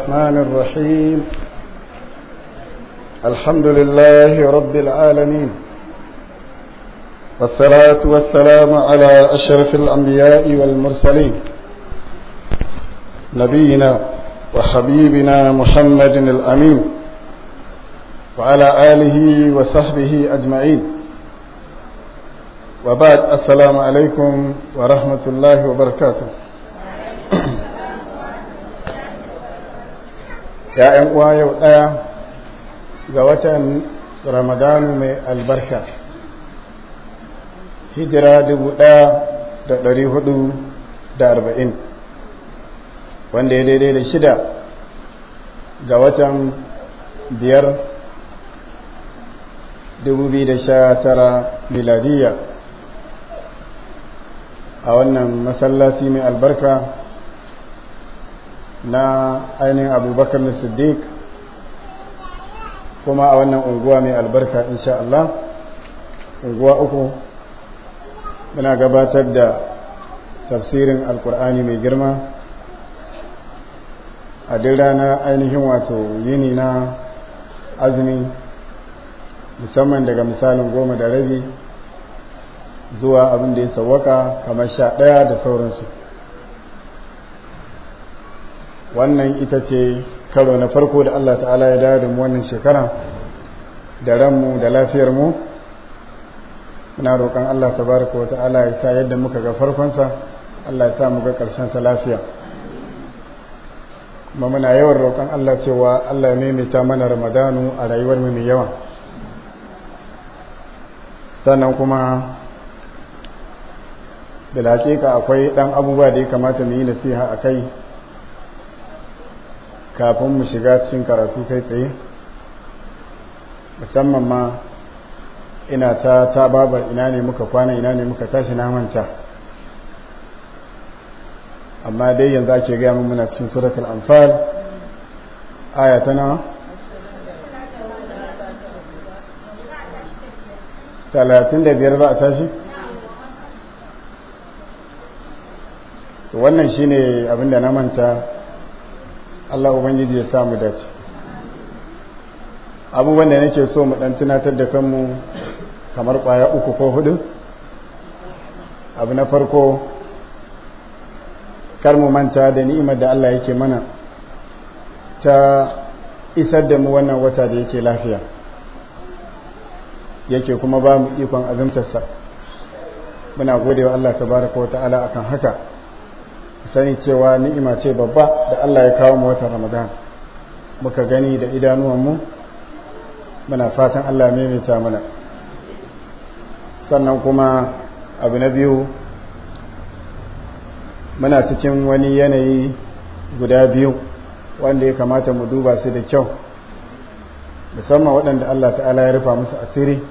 الرحمن الرحيم الحمد لله رب العالمين والصلاة والسلام على أشرف الأنبياء والمرسلين نبينا وحبيبنا محمد الأمين وعلى آله وصحبه أجمعين وبعد السلام عليكم ورحمة الله وبركاته ‘ya'yan uwa yau ɗaya ga watan ramadanu mai albarka hijira dubu ɗaya da dari hudu da arba'in wanda ya daidai da shida ga watan biyar dubu biyu da sha tara miladiyya a wannan masallaci mai albarka na ainihin abubakar na siddiq kuma a wannan unguwa mai albarka insha Allah unguwa uku muna gabatar da tafsirin alkur'ani mai girma a dira na ainihin wato yini na azumi musamman daga misalin goma da rabi zuwa abin da ya sauwaka kamar sha ɗaya da sauransu wannan ita ce karo na farko da Allah ta'ala ya dawo mu wannan shekara da ranmu da lafiyarmu muna roƙon Allah baraka wa ta'ala ya sa yadda muka ga farkonsa Allah ya sa mu ga ƙarshensa lafiya kuma muna yawan roƙon Allah cewa Allah ya maimaita mana Ramadanu a rayuwar mu mai yawa sannan kuma da hakika akwai ɗan abubuwa da ya kamata mu yi nasiha a kai kafin mu shiga cikin karatu kai tsaye musamman ma ina ta ta babar ina ne muka kwana ina ne muka tashi na manta amma dai yanzu ake gaya mun muna cikin suratul anfal aya ta nawa talatin da biyar za a tashi wannan shine abinda na manta Allah ubangiji ya samu dace abubuwan da nake so mu dan tunatar da kanmu kamar kwaya uku ko hudu abu na farko kar mu manta da ni'imar da Allah yake mana ta isar da mu wannan wata da yake lafiya yake kuma ba mu ikon azumtarsa muna gode wa Allah tabaraka wa ta'ala akan haka sani cewa ni'ima ce babba da Allah ya kawo mu watan Ramadan muka gani da idanuwan mu muna fatan Allah maimaita mana sannan kuma abu na biyu muna cikin wani yanayi guda biyu wanda ya kamata mu duba su da kyau musamman waɗanda Allah ta'ala ya rufa musu asiri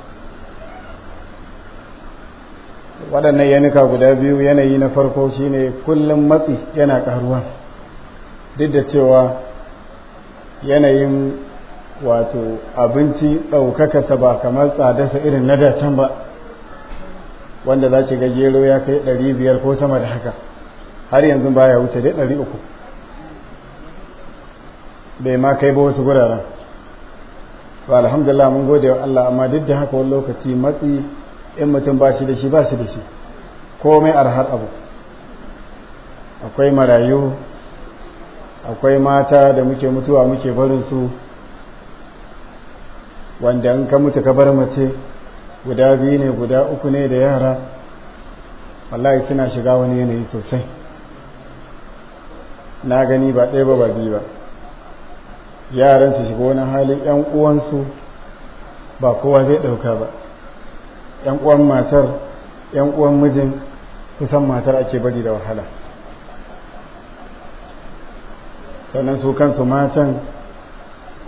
waɗannan yanuka guda biyu yanayi na farko shine kullum matsi yana ƙaruwa duk da cewa yanayin wato abinci ɗaukakasa ba kamar tsadasa irin na datan ba wanda za ci ga gero ya kai ɗari biyar ko sama da haka har yanzu ba ya wuce dai ɗari uku bai ma kai ba wasu guraren su alhamdulillah mun gode wa Allah amma duk da haka wani lokaci matsi in mutum ba shi da shi ba shi da shi komai arhar abu akwai marayu akwai mata da muke mutuwa muke barinsu wanda in ka mutu ka bar mace guda biyu ne guda uku ne da yara wallahi suna shiga wani yanayi sosai na gani ba ɗaya ba ba biyu ba yaran su shiga wani halin 'yan uwansu ba kowa zai ɗauka ba yan uwan matar yan uwan mijin kusan matar ake bari da wahala sannan su kansu matan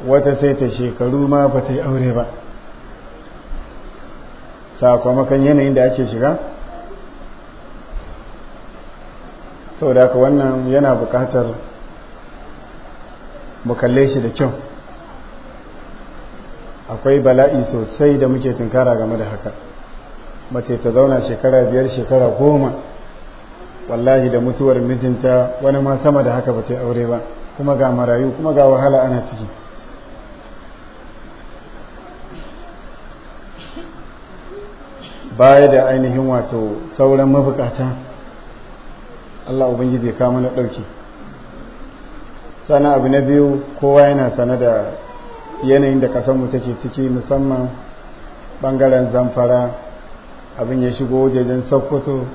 wata sai ta shekaru ma ba ta yi aure ba sakamakon yanayin da ake shiga sau da haka wannan yana bukatar mu kalle shi da kyau akwai bala'i sosai da muke tunkara game da haka mace ta zauna shekara biyar shekara goma wallahi da mutuwar mijinta wani ma sama da haka ba ta aure ba kuma ga marayu kuma ga wahala ana ciki baya da ainihin wato sauran mabukata Allah Ubangiji ya kama na ɗauki sana abu na biyu kowa yana sane da yanayin da kasanmu take ciki musamman ɓangaren zamfara abin ya shigo wajejen sokoto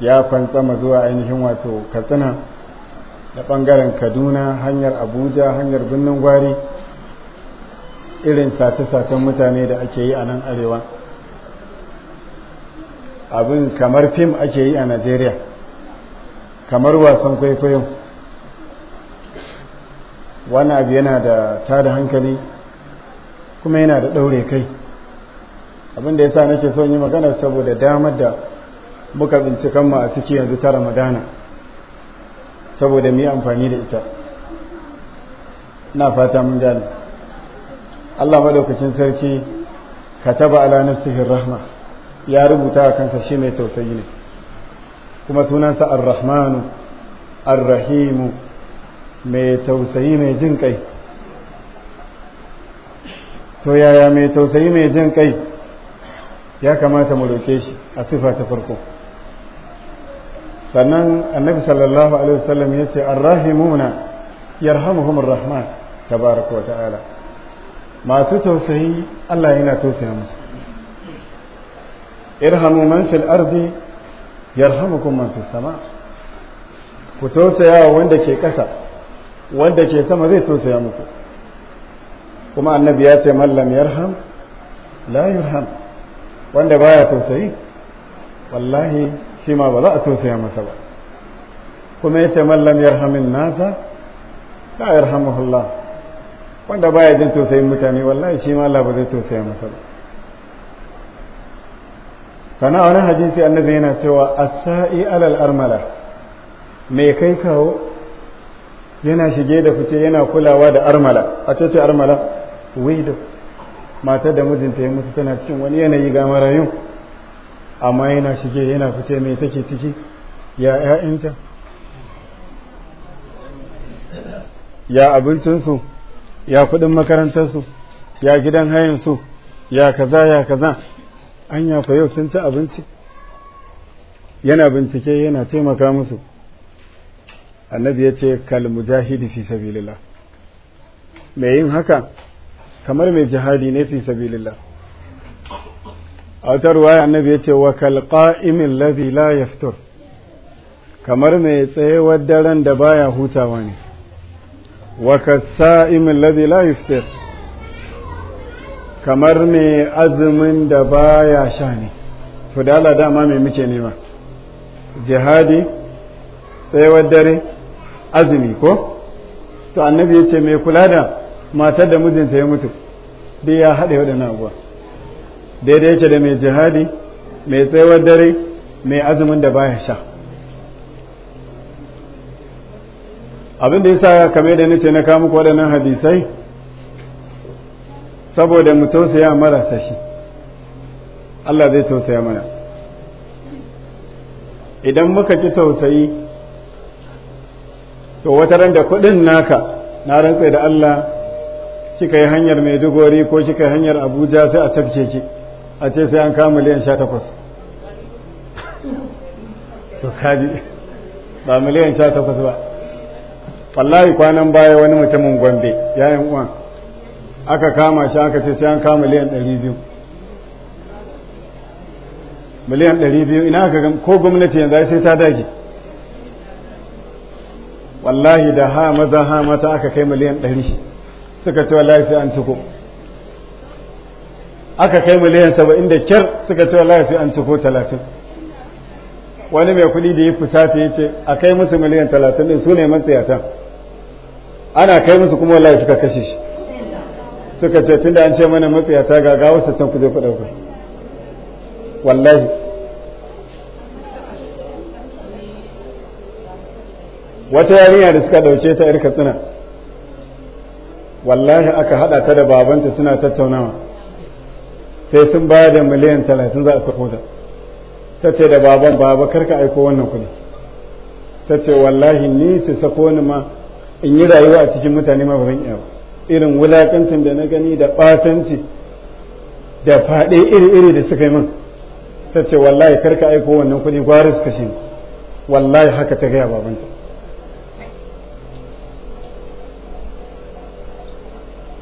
ya fantsama zuwa ainihin wato katsina da ɓangaren kaduna hanyar abuja hanyar birnin gwari irin sace-sacen mutane da ake yi a nan arewa abin kamar fim ake yi a najeriya kamar wasan kwaikwayo wani abu yana da tada hankali kuma yana da ɗaure kai Abinda abin da na nake son yi magana saboda damar da muka bincikan mu a ciki yanzu ta Ramadana saboda mu yi amfani da ita na fata mun jani. Allah madaukakin sarki ka taba ala nafsihi rahma ya rubuta a kansa shi mai tausayi ne kuma sunansa ar-rahmanu ar-rahimu mai tausayi mai jin kai to yaya mai tausayi mai jin kai ya kamata mu roke shi a sifa ta farko sannan annabi sallallahu alaihi wasallam ya ce arrahimuna yarhamuhumur rahman tabaraka wa ta'ala masu tausayi Allah yana tausaya musu irhamu man fil ardi yarhamukum man fis sama ku tausaya wanda ke ƙasa wanda ke sama zai tausaya muku kuma annabi ya ce mallam yarham la yurham wanda baya tausayi wallahi shi ma ba za a tausaya masa ba kuma yace mallam lam yarhamin nasa la yarhamuhullah wanda baya jin tausayin mutane wallahi shi ma Allah ba zai tausaya masa ba sana wani hadisi annabi yana cewa asai alal armala mai kai kawo yana shige da fice yana kulawa da armala a ce armala widow matar da mijinta ya mutu tana cikin wani yanayi ga marayu amma yana shige yana fita mai take ciki ya ‘ya'yanta ya abincinsu ya kudin makarantarsu ya gidan hayansu ya kaza ya kaza an ya yau sun ci abinci yana bincike yana taimaka musu annabi ya ce kal mujahidi fi sabilillah mai yin haka kamar mai jihadi ne fi sabilillah a wata ruwaya annabi ya ce wa imin ladhi la yaftur kamar mai tsayewar daren da baya hutawa ne wa kasa imin ladhi la yaftir kamar mai azumin da baya sha ne to da Allah dama mai muke nema jihadi tsayewar dare azumi ko to annabi ya ce mai kula da matar da mijinta ya mutu dai ya haɗe waɗannan abuwa daidai yake da mai jihadi mai tsayawar dare mai azumin da baya sha abin da yasa kame da nace na kawo muku waɗannan hadisai saboda mu tausaya mara shi Allah zai tausaya mana idan muka ki tausayi to wata ran da kuɗin naka na rantse da Allah kika yi hanyar maiduguri ko kika yi hanyar abuja sai a tafke ki a ce sai an kama miliyan sha takwas to ba miliyan sha takwas ba wallahi kwanan baya wani mutumin gombe yayin uwan aka kama shi aka ce sai an kama miliyan ɗari biyu miliyan ɗari biyu ina aka ko gwamnati yanzu sai ta dage wallahi da ha maza ha mata aka kai miliyan ɗari suka ce wallahi sai an ciko aka kai miliyan saba'in da kyar suka ce wallahi sai an ciko talatin wani mai kuɗi da ya fusata ya ce a kai musu miliyan talatin ɗin su ne matsayata ana kai musu kuma wallahi suka kashe shi suka ce tunda an ce mana matsayata ga ga wasu can kuje ku ɗauka wallahi wata yarinya da suka ɗauke ta irka tsina. wallahi aka hada ta da babanta suna tattaunawa sai sun bayar da miliyan talatin za a sako ta ta ce da baban baba karka aiko wannan kuɗi ta ce wallahi ni su sako ni ma in yi rayuwa a cikin mutane ma ban zan iya ba irin wulakancin da na gani da ɓatanci da faɗe iri-iri da suka yi min ta ce wallahi karka aiko wannan kuɗi gwari su kashe wallahi haka ta gaya babanta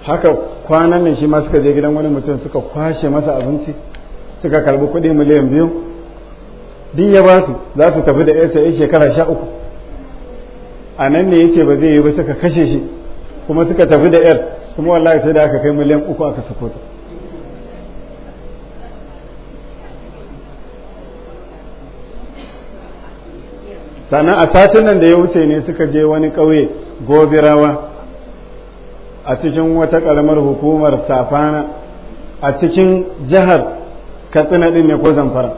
haka kwanan nan shi ma suka je gidan wani mutum suka kwashe masa abinci suka karbi kuɗi miliyan biyu duk ya ba su za su tafi da yarsa ya shekara sha uku a nan ne yace ba zai yi ba suka kashe shi kuma suka tafi da yar kuma wallahi sai da aka kai miliyan uku aka sako ta sannan a satin nan da ya wuce ne suka je wani ƙauye gobirawa a cikin wata ƙaramar hukumar safana a cikin jihar katsina ɗin ne ko zamfara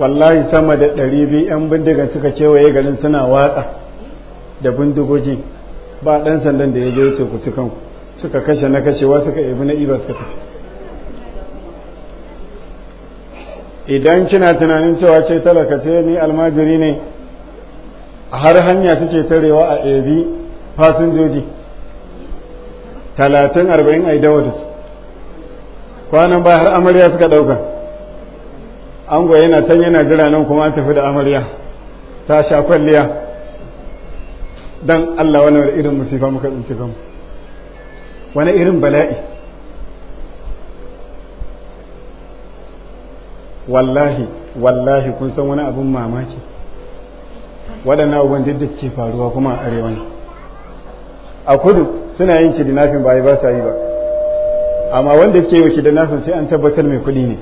wallahi sama da ɗari biyu 'yan bindiga suka kewaye garin suna watsa da bindigogi ba ɗan sandan da ya je wuce ku cikin suka kashe na kashewa suka ibi na iba suka tafi idan kina tunanin cewa ce talaka ce ni almajiri ne har hanya suke tarewa a ebi fasinjoji talatin arba'in a yi dawa su kwanan ba har amarya suka ɗauka goya yana can yana jira nan kuma an tafi da amarya ta sha kwalliya don Allah wani irin musifa muka tsinci kanmu wani irin bala'i wallahi wallahi kun san wani abin mamaki waɗannan abubuwan duk da ke faruwa kuma a arewa ne a kudu suna yin dinafin ba ba sa yi ba amma wanda ke yi dinafin sai an tabbatar mai kuɗi ne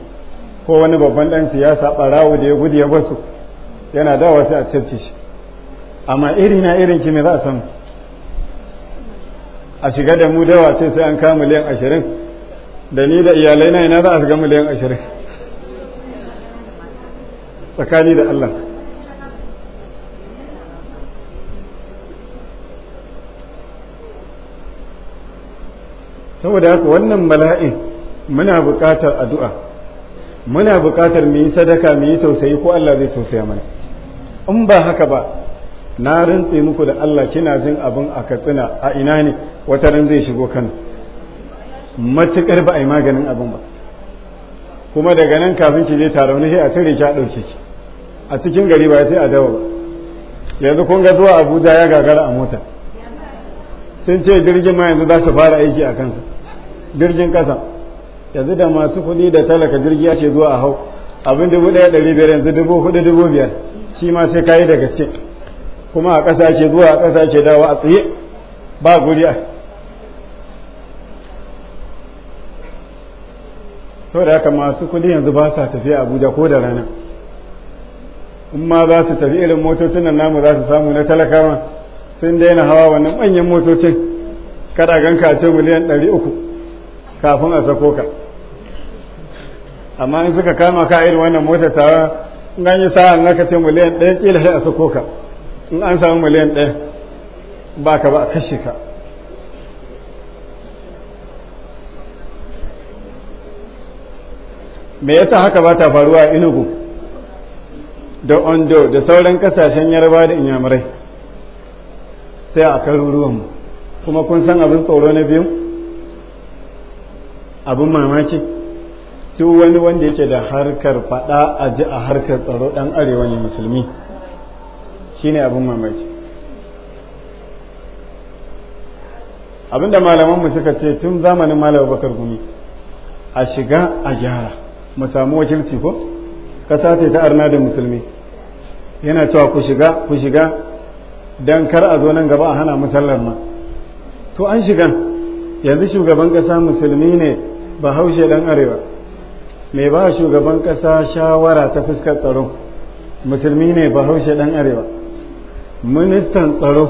ko wani babban dan siyasa barawo da ya gudu ya basu yana dawa sai a tafke shi amma iri na irin ki me za a samu a shiga da mu dawa wace sai an kama miliyan ashirin da ni da iyalai na ina za a shiga miliyan ashirin tsakani da Allah saboda haka wannan mala'in muna buƙatar addu'a muna buƙatar mu yi sadaka mu yi tausayi ko Allah zai tausaya mana in ba haka ba na rantse muku da Allah kina jin abin a katsina a ina ne wata ran zai shigo kan matuƙar ba a yi maganin abin ba kuma daga nan kafin ki je taron wani a tare ki ɗauke ki a cikin gari ba sai a dawo ba yanzu kun ga zuwa abuja ya gagara a mota sun ce jirgin ma yanzu za su fara aiki a kansa jirgin kasa yanzu da masu kuɗi da talaka jirgi ya ce zuwa a hau abin dubu ɗaya ɗari biyar yanzu dubu hudu dubu biyar shi ma sai kayi da gaske kuma a ƙasa ce zuwa a ƙasa ce dawa a tsaye ba guriya to da haka masu kuɗi yanzu ba sa tafiya abuja ko da rana in ma za su tafi irin motocin nan namu za su samu na talakawa sun daina hawa wannan manyan motocin kada ganka ce miliyan ɗari uku kafin a sako ka amma in suka kama ka irin wannan motar tawa in an yi sa'an aka ce miliyan ɗaya kila sai a sako ka in an samu miliyan ɗaya ba ka ba a kashe ka me yasa haka ba ta faruwa a inugu da ondo da sauran kasashen yarba da inyamurai sai a karuruwanmu kuma kun san abin tsoro na biyu abin mamaki duk wani wanda yake da harkar fada a ji a harkar tsaro dan arewa ne musulmi shine abin mamaki abinda malamanmu suka ce tun zamanin malam bakar gumi a shiga a gyara mu samu wakilci ko kasa ce ta arna da musulmi yana cewa ku shiga ku shiga dan kar a zo nan gaba a hana musallar ma to an shiga yanzu shugaban kasa musulmi ne bahaushe dan arewa mai ba shugaban ƙasa shawara ta fuskar tsaro musulmi ne bahaushe dan arewa ministan tsaro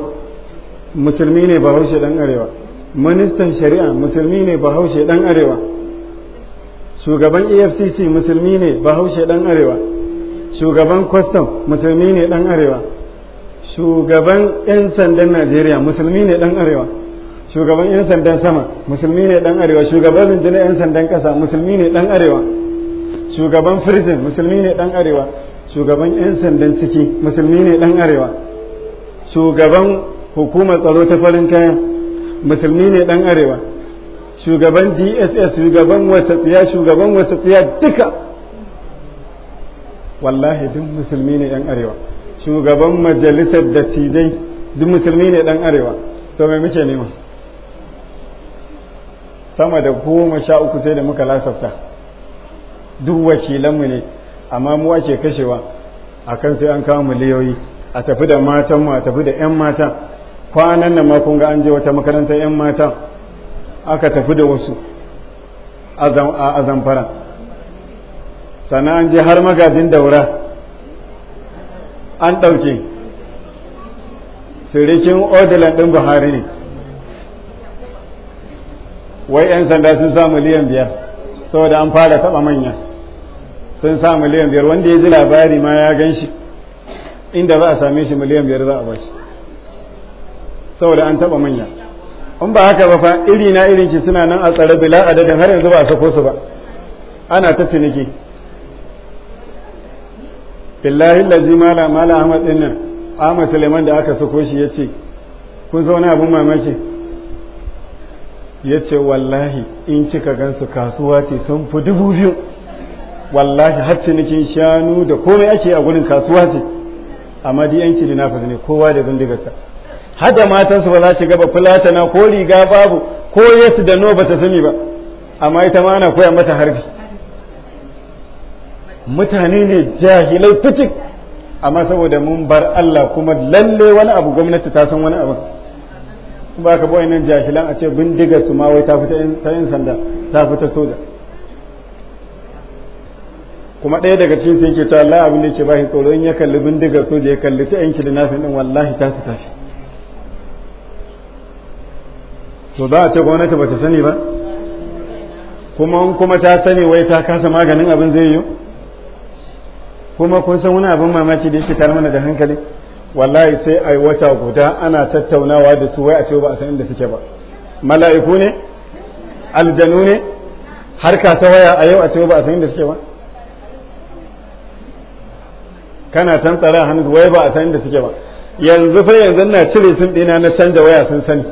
musulmi ne bahaushe dan arewa ministan shari'a musulmi ne bahaushe dan arewa shugaban efcc musulmi ne bahaushe dan arewa shugaban kwastam musulmi ne dan arewa shugaban 'yan sandan najeriya musulmi ne dan arewa shugaban 'yan sandan sama musulmi ne dan arewa shugaban rundunar 'yan sandan kasa musulmi ne dan arewa shugaban firjin musulmi ne dan arewa shugaban 'yan sandan ciki musulmi ne dan arewa shugaban hukumar tsaro ta farin kaya musulmi ne dan arewa shugaban dss shugaban wata shugaban wata duka wallahi duk musulmi ne yan arewa shugaban majalisar dattijai duk musulmi ne dan arewa to mai muke nema sama da goma sha uku sai da muka lasafta duk wakilanmu ne amma mu ake kashewa akan sai an kawo miliyoyi a tafi da matanmu a tafi da 'yan mata kwanan nan ma kun ga an je wata makarantar 'yan mata aka tafi da wasu a zamfara sannan an je har magajin daura an ɗauke sirikin odilan ɗin buhari ne wai 'yan sanda sun sa miliyan biyar saboda an fara taɓa manya sun sa miliyan biyar wanda ya ji labari ma ya gan shi inda za a same shi miliyan biyar za a ba shi saboda an taɓa manya in ba haka ba fa iri na irin shi suna nan a tsare bila adadin har yanzu ba a sako su ba ana ta ciniki billahi lazi mala mala ahmad din nan ahmad suleiman da aka sako shi ya ce kun zauna abin mamaki ya ce wallahi in kika gansu kasuwa ce sun fi dubu biyu wallahi har cinikin shanu da komai ake a gurin kasuwa ce amma di yanki da nafi ne kowa da bindigarsa hada matansu ba za ci gaba fulatana ko riga babu ko yesu da no bata sani ba amma ita ma ana koya mata harbi mutane ne jahilai fitik amma saboda mun bar Allah kuma lalle wani abu gwamnati ta san wani abu ba ka bai nan jashilan a ce bindiga su ma wai ta fita ta yin sanda ta fita soja kuma ɗaya daga cikin sun ke ta Allah abin da yake ba shi tsoro in ya kalli bindigar soja ya kalli ta yanki da nafin din wallahi ta su tashi to za a ce gwamnati ba ta sani ba kuma in kuma ta sani wai ta kasa maganin abin zai yi kuma kun san wani abin mamaki da yake tare da hankali wallahi sai ai wata guda ana tattaunawa da su wai a ce ba a san inda suke ba mala'iku ne aljanu ne harka ta waya a yau a ce ba a san inda suke ba kana tan tsara hannu wai ba a san inda suke ba yanzu fa yanzu na cire sun dina na canja waya sun sani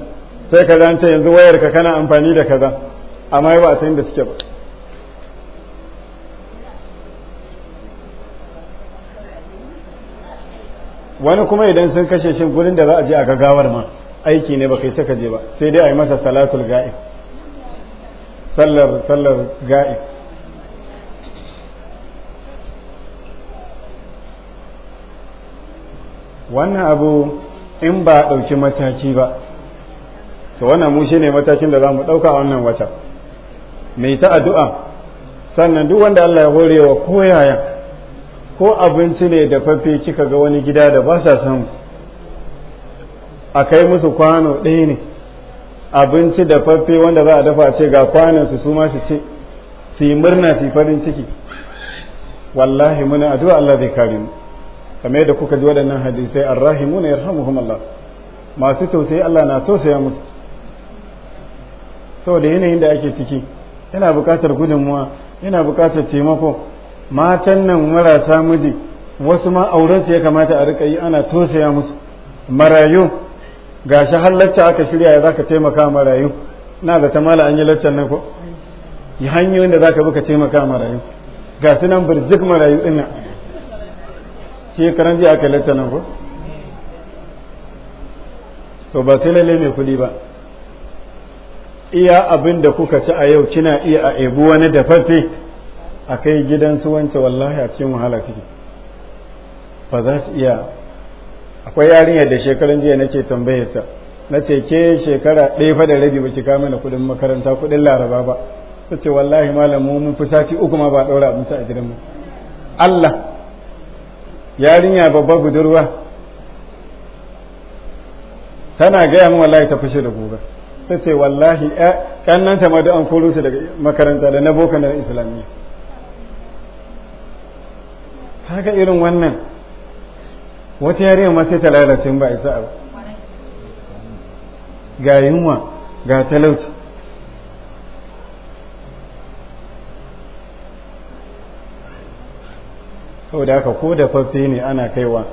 sai ka zance yanzu wayar ka kana amfani da kaza amma ba a san inda suke ba wani kuma idan sun kashe shi gurin da za a je a gagawar ma aiki ne ba kai saka je ba sai dai a yi masa salatul ga'i sallar sallar ga'ib wannan abu in ba a ɗauki mataki ba to wannan mu ne matakin da za mu ɗauka a wannan wata mai ta addu'a sannan duk wanda Allah ya horewa koyayan ko abinci ne da fafe kika ga wani gida da ba sa samu a kai musu kwano ɗaya ne abinci da fafe wanda za a dafa ce ga kwanansu su ma su ce su yi murna su farin ciki wallahi muna addu'a Allah zai kare mu kamar yadda kuka ji waɗannan hadisai arrahimuna yarhamuhum Allah masu tausayi Allah na tausaya musu saboda yanayin da ake ciki yana buƙatar gudunmuwa yana buƙatar taimako matan nan marasa miji wasu ma aurensu ya kamata a rika yi ana tosaya musu marayu ga har lacca aka shirya ya zaka taimaka marayu na da tamala an yi laccan nan ko yi hanyoyin da zaka buka taimaka marayu ga su nan birjik marayu din nan shekaran jiya aka laccan nan ko to ba sai lalle mai kuɗi ba iya abin da kuka ci a yau kina iya a ebu wani dafaffe a kai gidan su wance wallahi a cikin wahala suke ba za su iya akwai yarinyar da shekarun jiya nake tambayar ta na ce ke shekara ɗaya fa da rabi baki kama na kuɗin makaranta kuɗin laraba ba ta ce wallahi malam mu mun fi sati uku ma ba ɗaura abinci a gidanmu Allah yarinya babba budurwa tana gaya min wallahi ta fashe da gobe ta ce wallahi kannanta ma da an koro su daga makaranta da na boko na islamiyya haka irin wannan wata yariya ma sai ta lalace ba isa ba ga yunwa ga talauci saboda haka ko da faffe ne ana kaiwa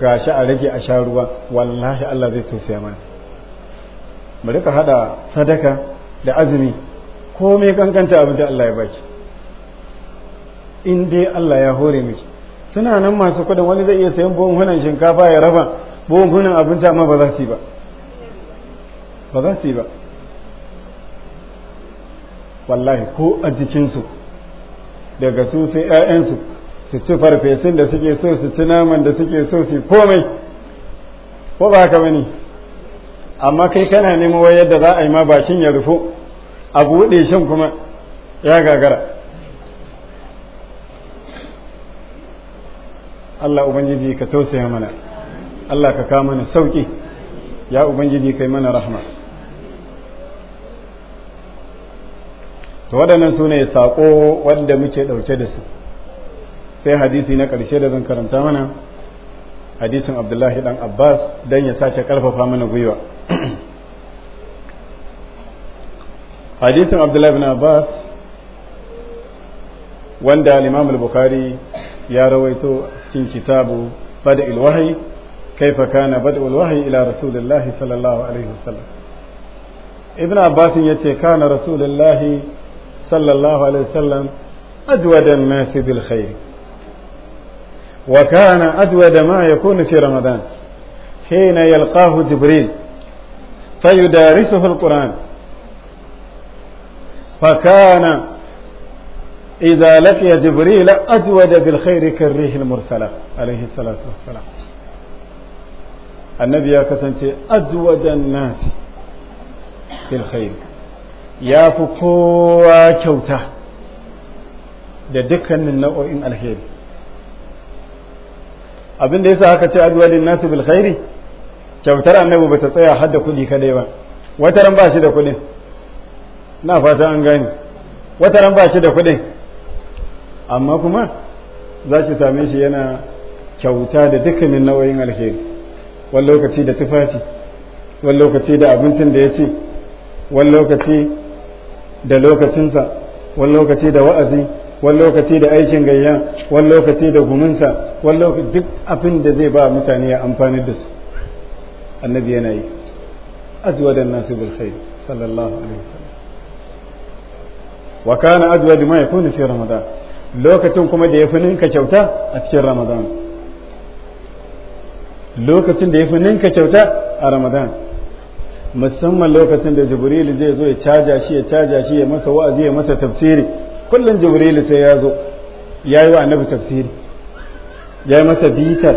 ga shi a rage a sha ruwa wallahi Allah zai tausaya mana bari ka hada sadaka da azumi komai kankanta abin da Allah ya baki in dai Allah ya hore miki suna nan masu kudin wani zai iya sayan buhunhunan shinkafa ya raba buhunhunan abinci amma ba za su yi ba ba za su yi ba wallahi ko a jikinsu daga su sai 'ya'yansu su ci farfesun da suke so su ci naman da suke so su komai ko ba haka bane amma kai kana nemo yadda za a yi ma bakin ya rufo a buɗe shan kuma ya gagara Allah ubangiji ka tausaya mana Allah ka kama mana sauƙi ya ubangiji kai mana rahma to waɗannan su ne saƙo wadda muke ɗauke da su sai hadisi na ƙarshe da zan karanta mana hadisin abdullahi dan abbas don ya sace ƙarfafa mana gwiwa hadisin abdullahi bin abbas wanda al-imam al-bukhari ya rawaito cikin kitabu bada ilwahi kaifa kana bada ilwahi ila rasulillahi sallallahu alaihi wasallam ibn abbas ya ce kana rasulullahi sallallahu alaihi wasallam أجود الناس بالخير وكان أجود ما يكون في رمضان حين يلقاه جبريل فيدارسه القرآن فكان إذا لقي جبريل أجود بالخير كالريح المرسلة عليه الصلاة والسلام النبي كسنتي أجود الناس بالخير ya fi kowa kyauta da dukkanin nau'o'in alheri abin da ya sa haka ce azwalin nasu bil khairi kyautar annabi bata tsaya hadda kuɗi kadai ba wataran ba shi da kuɗin na fata an gani wataran ba shi da kuɗi. amma kuma za ki same shi yana kyauta da dukkanin nau'in alheri wani lokaci da tufafi wani lokaci da abincin da ya ci wani lokaci da lokacinsa wani lokaci da wa'azi wani lokaci da aikin gayya wani lokaci da guminsa wani lokaci duk abin da zai ba mutane ya amfani da su annabi yana yi da nasu bil sallallahu alaihi wasallam wa kana da ma yakunu fi ramadan lokacin kuma da ya fi ninka kyauta a cikin ramadan lokacin da ya fi ninka kyauta a ramadan musamman lokacin da jibril zai zo ya caja shi ya caja shi ya masa wa'azi ya masa tafsiri kullum jibril sai ya zo ya yi wa annabi tafsiri ya yi masa bitar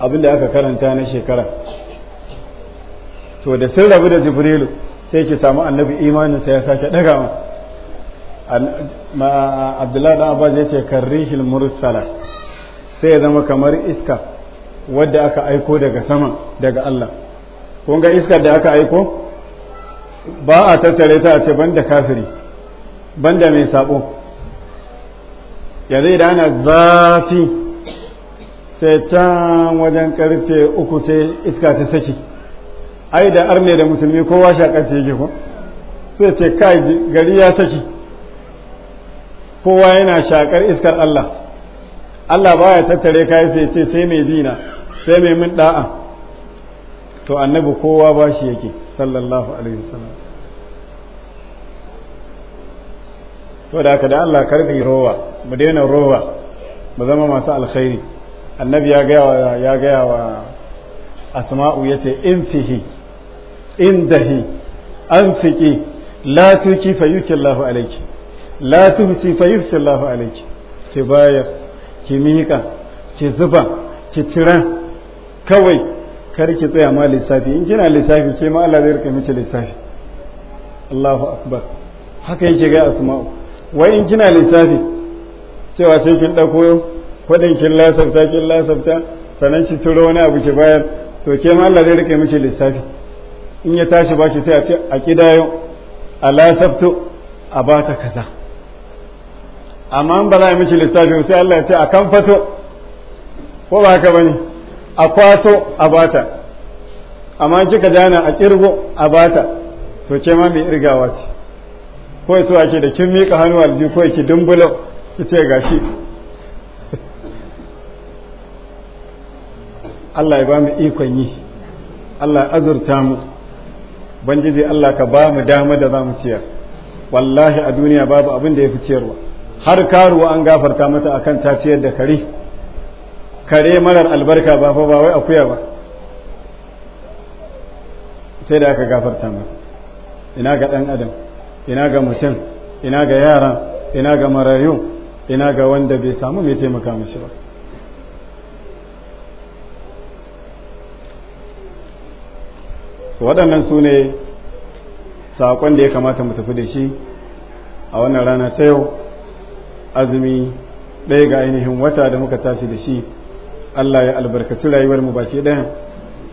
abin da aka karanta na shekara to da sun rabu da jibrilu sai ki samu annabi imaninsa ya sake ɗaga abdullahi dan abbas ya ce karrihil mursala sai ya zama kamar iska wadda aka aiko daga sama daga Allah kun ga iskar da aka aiko ba a tattare ta a ce banda kafiri banda mai sabo ya zai da ana zafi sai can wajen karfe uku sai iska ta saki ai da arne da musulmi kowa shakar ta yake ko sai ce kai gari ya saki kowa yana shakar iskar Allah Allah baya tattare kai sai ce sai mai dina sai mai min da'a to annabi kowa ba shi yake sallallahu alaihi wasallam to da haka da Allah karfi rowa mu daina rowa mu zama masu alkhairi annabi ya gaya wa ya gaya wa asma'u yace intihi indahi anfiki la tuki fayuki Allahu alayki la tuhsi fa yuhsi Allahu alayki ki bayar ki miƙa ki zuba ki tira kawai kar ki tsaya ma lissafi in kina lissafi ke ma Allah zai rika miki lissafi Allahu akbar haka yake ga asma'u wai in kina lissafi cewa sai kin dauko kudin kin lasafta kin lasafta sannan ki turo wani abu ki bayar to ke ma Allah zai rike miki lissafi in ya tashi ba shi sai a ce a kidayo a lasafto a bata kaza amma ba za a miki lissafi sai Allah ya ce a kan fato ko ba haka bane a kwaso a bata amma kika jana a kirgo a bata to ke ma mai irgawa ce ko ya tuwa ke da kin miƙa hannu alji ko ki dumbulo ki ce gashi Allah ya ba mu ikon yi Allah ya azurta mu banjiji Allah ka ba mu dama da za mu ciyar wallahi a duniya babu abin da ya fi ciyarwa har karuwa an gafarta mata akan ta ciyar da kare kare marar albarka ba fa ba wai akuya ba sai da aka gafarta mata ina ga ɗan adam ina ga mutum ina ga yara ina ga marayu ina ga wanda bai samu mai taimaka mishi ba waɗannan su ne saƙon da ya kamata mu tafi da shi a wannan rana ta yau azumi ɗaya ga ainihin wata da muka tashi da shi Allah ya albarkaci rayuwar mu baki ɗaya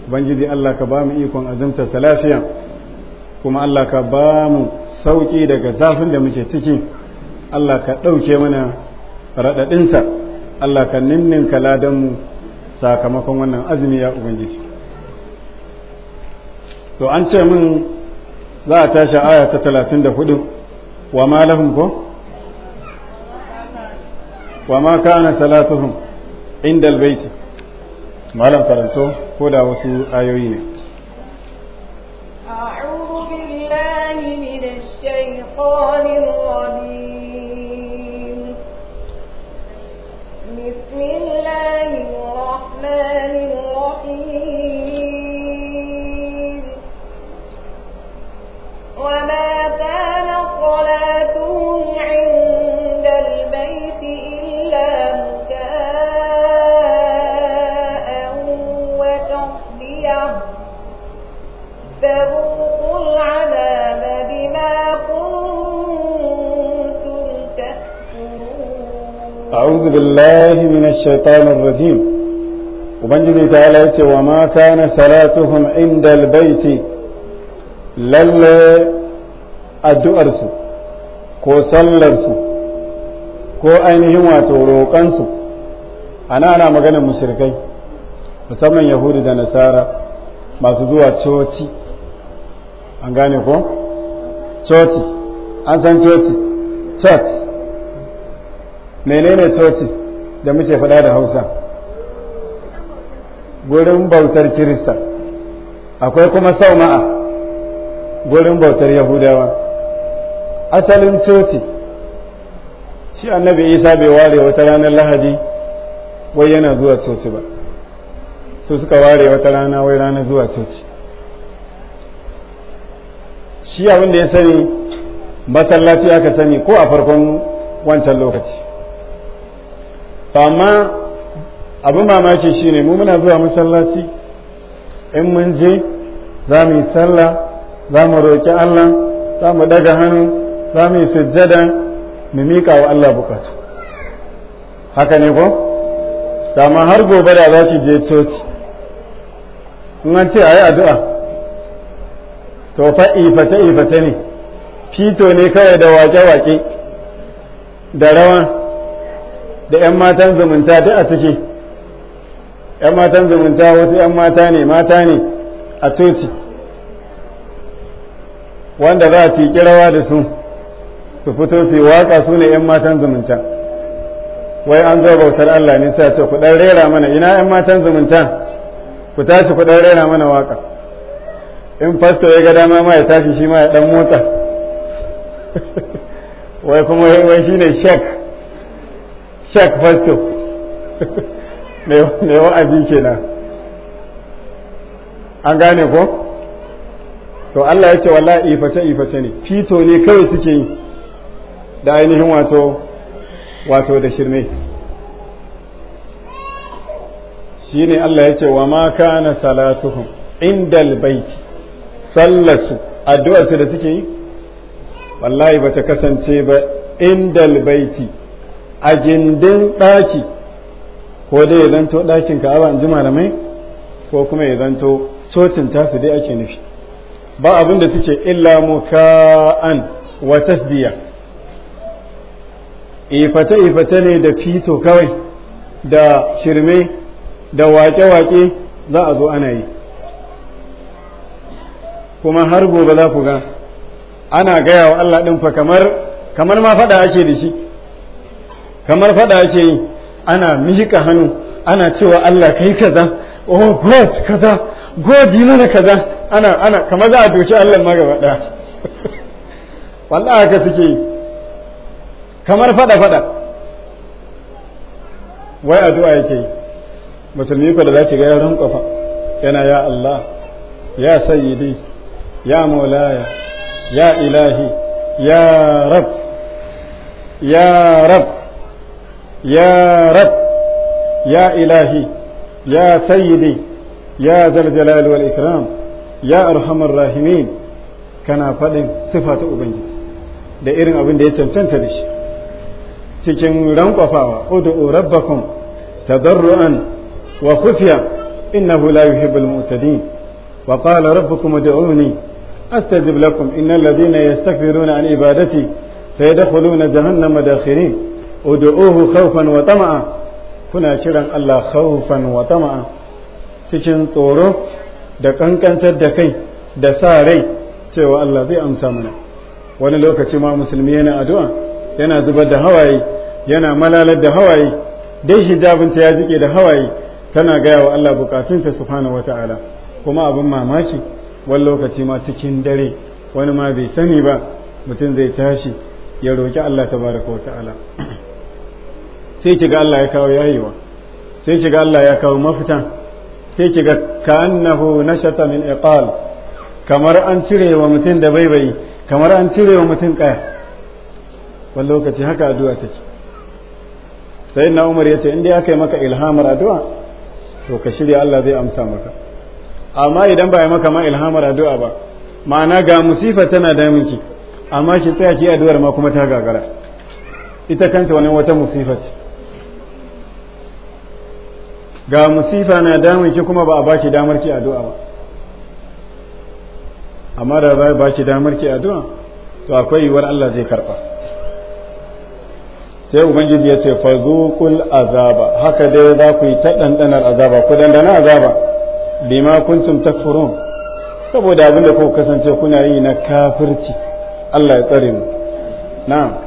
ubangiji Allah ka ba mu ikon azumta lafiya kuma Allah ka ba mu sauki daga zafin da muke ciki Allah ka ɗauke mana raɗaɗinsa Allah ka ninninka mu sakamakon wannan azumi ya ubangiji to an ce min za a tashi aya ta talatin da hudu wa ma ko وما كان صلاتهم عند البيت ما لم قرأته كلا وسي آيوين أعوذ بالله من الشيطان الرجيم بسم الله الرحمن الرحيم وما أعوذ بالله من الشيطان الرجيم وبنجي تعالى وما كان صلاتهم عند البيت lalle addu'arsu ko sallarsu ko ainihin wato roƙansu ana ana maganar mushrikai musamman yahudu da nasara masu zuwa coci an gane ko coci an san coci coci. menene coci da muke faɗa da hausa gurin bautar kirista akwai kuma sauma'a gurin bautar yahudawa asalin coci shi annabi isa bai ware wata ranar lahadi wai yana zuwa coci ba su suka ware wata rana wai rana zuwa coci shi abin da ya sani masallaci aka sani ko a farkon wancan lokaci to amma abin mamaki shine mu muna zuwa masallaci in mun je za mu yi sallah za mu roƙi Allah za mu daga hannu za mu yi sujjada mu miƙa wa Allah bukatu haka ne ko amma har gobe da za ki je coci in an ce a addu'a to fa fa ta ne fito ne kawai da wake-wake da rawa da 'yan matan zumunta duk a ciki 'yan matan zumunta wasu 'yan mata ne mata ne a coci wanda za a tiƙi rawa da su su fito su yi su ne 'yan matan zumunta wai an zo bautar Allah ne sai ce ku ɗan rera mana ina 'yan matan zumunta ku tashi ku ɗan rera mana waka in fasto ya ga dama ma ya tashi shi ma ya ɗan motsa wai kuma wai shine shek shek fasto mai wa'azi na an gane ko to Allah ya ce wallahi iface iface ne fito ne kawai suke yi da ainihin wato wato da shirme shi ne Allah ya ce wa ma kana salatuhum indal baiti sallasu addu'arsu da suke yi wallahi ta kasance ba indal baiti a gindin ɗaki ko dai ya zanto ɗakin ka'aba jima ji malamai ko kuma ya zanto cocin tasu dai ake nufi ba abin da suke illa ka'an wa tasdiya ifata ifata ne da fito kawai da shirme da wake-wake za a zo ana yi kuma har gobe za ku ga ana gaya wa Allah ɗin fa kamar kamar ma faɗa ake da shi kamar fada ce yi ana mika hannu ana cewa Allah kai kaza oh god kaza god yi mana kaza ana ana kamar za a doce Allah ma gaba daya wallahi haka suke kamar fada fada wai addu'a yake yi ko da zaki ga yaron kofa yana ya Allah ya sayyidi ya maulaya ya ilahi ya rab ya rab يا رب يا إلهي يا سيدي يا ذا الجلال والإكرام ya arhamar rahimin kana faɗin sifa ta ubangiji da irin abin da ya cancanta da shi cikin rankwafawa ud'u rabbakum tadarruan wa khufiya innahu la yuhibbul mu'tadin wa qala rabbukum ud'uni astajib lakum innal ladhina yastakbiruna an ibadati sayadkhuluna jahannama dakhirin ud'uhu khawfan wa tama'a kuna kiran Allah khawfan wa tama'a cikin tsoro da kankantar da kai da sa rai cewa Allah zai amsa mana wani lokaci ma musulmi yana addu'a yana zubar da hawaye yana malalar da hawaye dai hijabinta ya jike da hawaye tana gaya wa Allah bukatunta subhanahu wata'ala kuma abin mamaki wani lokaci ma cikin dare wani ma bai sani ba mutum zai tashi ya roki Allah tabaraka wa ta'ala sai ga Allah ya kawo yayewa sai ga Allah ya kawo mafitan sai kiga kannahu nashata min iqal kamar an cire wa mutum da baibayi kamar an cire wa mutum kaya wani lokaci haka addu'a take sai na umar ya ce in dai aka yi maka ilhamar addu'a to ka shirya Allah zai amsa maka amma idan ba ya maka ma ilhamar addu'a ba ma'ana ga musifa tana daminki amma ki tsaya ki addu'ar ma kuma ta gagara ita kanta wani wata musifa ce ga musifa na damun ki kuma ba a baki damar ki addu'a ba amma da ba baki damar ki addu'a to akwai yiwuwar Allah zai karba sai ubangiji ya ce fazuqul azaba haka dai za ku yi ta dandanar azaba ku dandana azaba bima kuntum takfurun saboda abinda kuka kasance kuna yi na kafirci Allah ya tsare mu na'am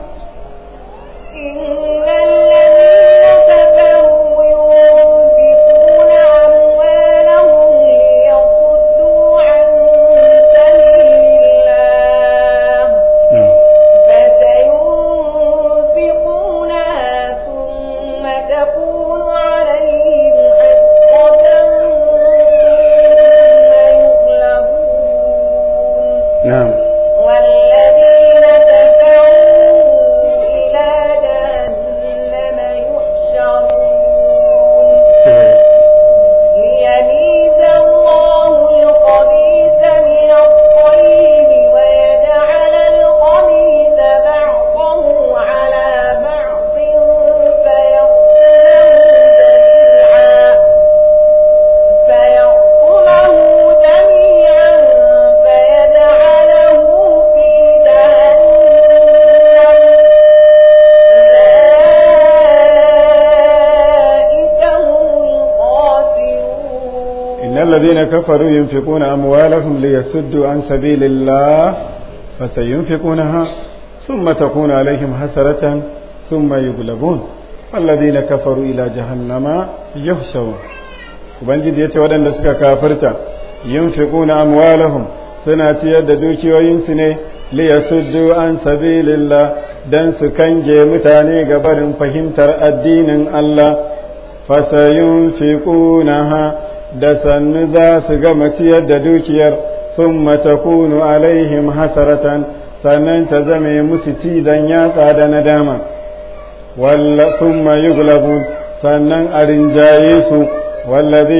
كفروا ينفقون أموالهم ليسدوا عن سبيل الله فسينفقونها ثم تكون عليهم حسرة ثم يغلبون والذين كفروا إلى جهنم يحشرون ubangiji ya ce waɗanda suka kafirta yin suna ciyar da dukiyoyinsu ne liyasuddu an sabilillah dan su kange mutane ga barin fahimtar addinin Allah fasayun fiƙunaha da sannu za su gama ciyar da dukiyar sun kunu alaihim hasaratan sannan ta zame musu cizon yatsa da nadama walla sun mayu sannan a rinjaye su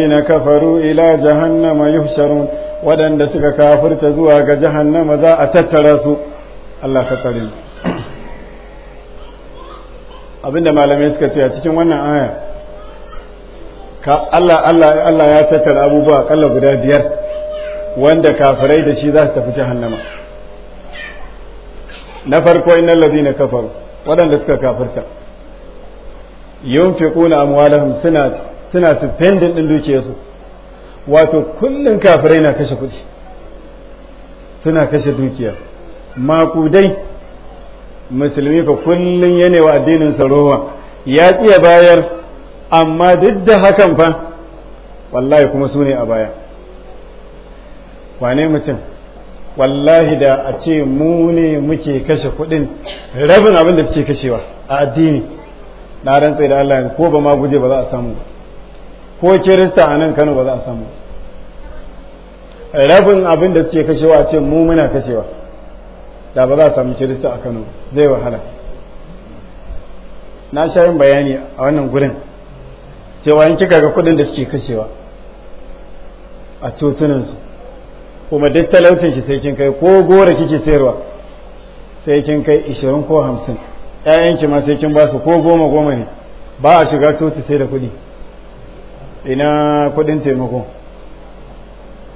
na kafaru ila jahannama yuhsharun waɗanda suka kafurta zuwa ga jahannama za a tattara su Allah ka abinda malamai suka ce a cikin wannan ayar. ka Allah Allah Allah ya tattara abubuwa kalla guda biyar wanda kafirai da shi za su tafi jahannama na farko innal ladina kafaru waɗanda suka kafirta yunfiquna amwalahum suna suna spending din dukiyarsu wato kullun kafirai na kashe kuɗi suna kashe dukiya makudai musulmi fa kullun yanewa addinin sarowa ya tsaye bayar amma duk da hakan fa wallahi kuma su ne a baya wane mutum wallahi da a ce mu ne muke kashe kudin rabin abin da kuke kashewa a addini na rantsa da Allah ko ba ma guje ba za a samu ko kirista a nan Kano ba za a samu rabin abin da suke kashewa a ce mu muna kashewa da ba za a samu kirista a Kano zai wahala na sha yin bayani a wannan gurin cewa in kika ga kuɗin da suke kashewa a cotunansu kuma duk talautin shi sai kin kai ko gora kike sayarwa sai kin kai ishirin ko hamsin ki ma sai kin ba su ko goma goma ne ba a shiga coci sai da kuɗi ina kuɗin taimako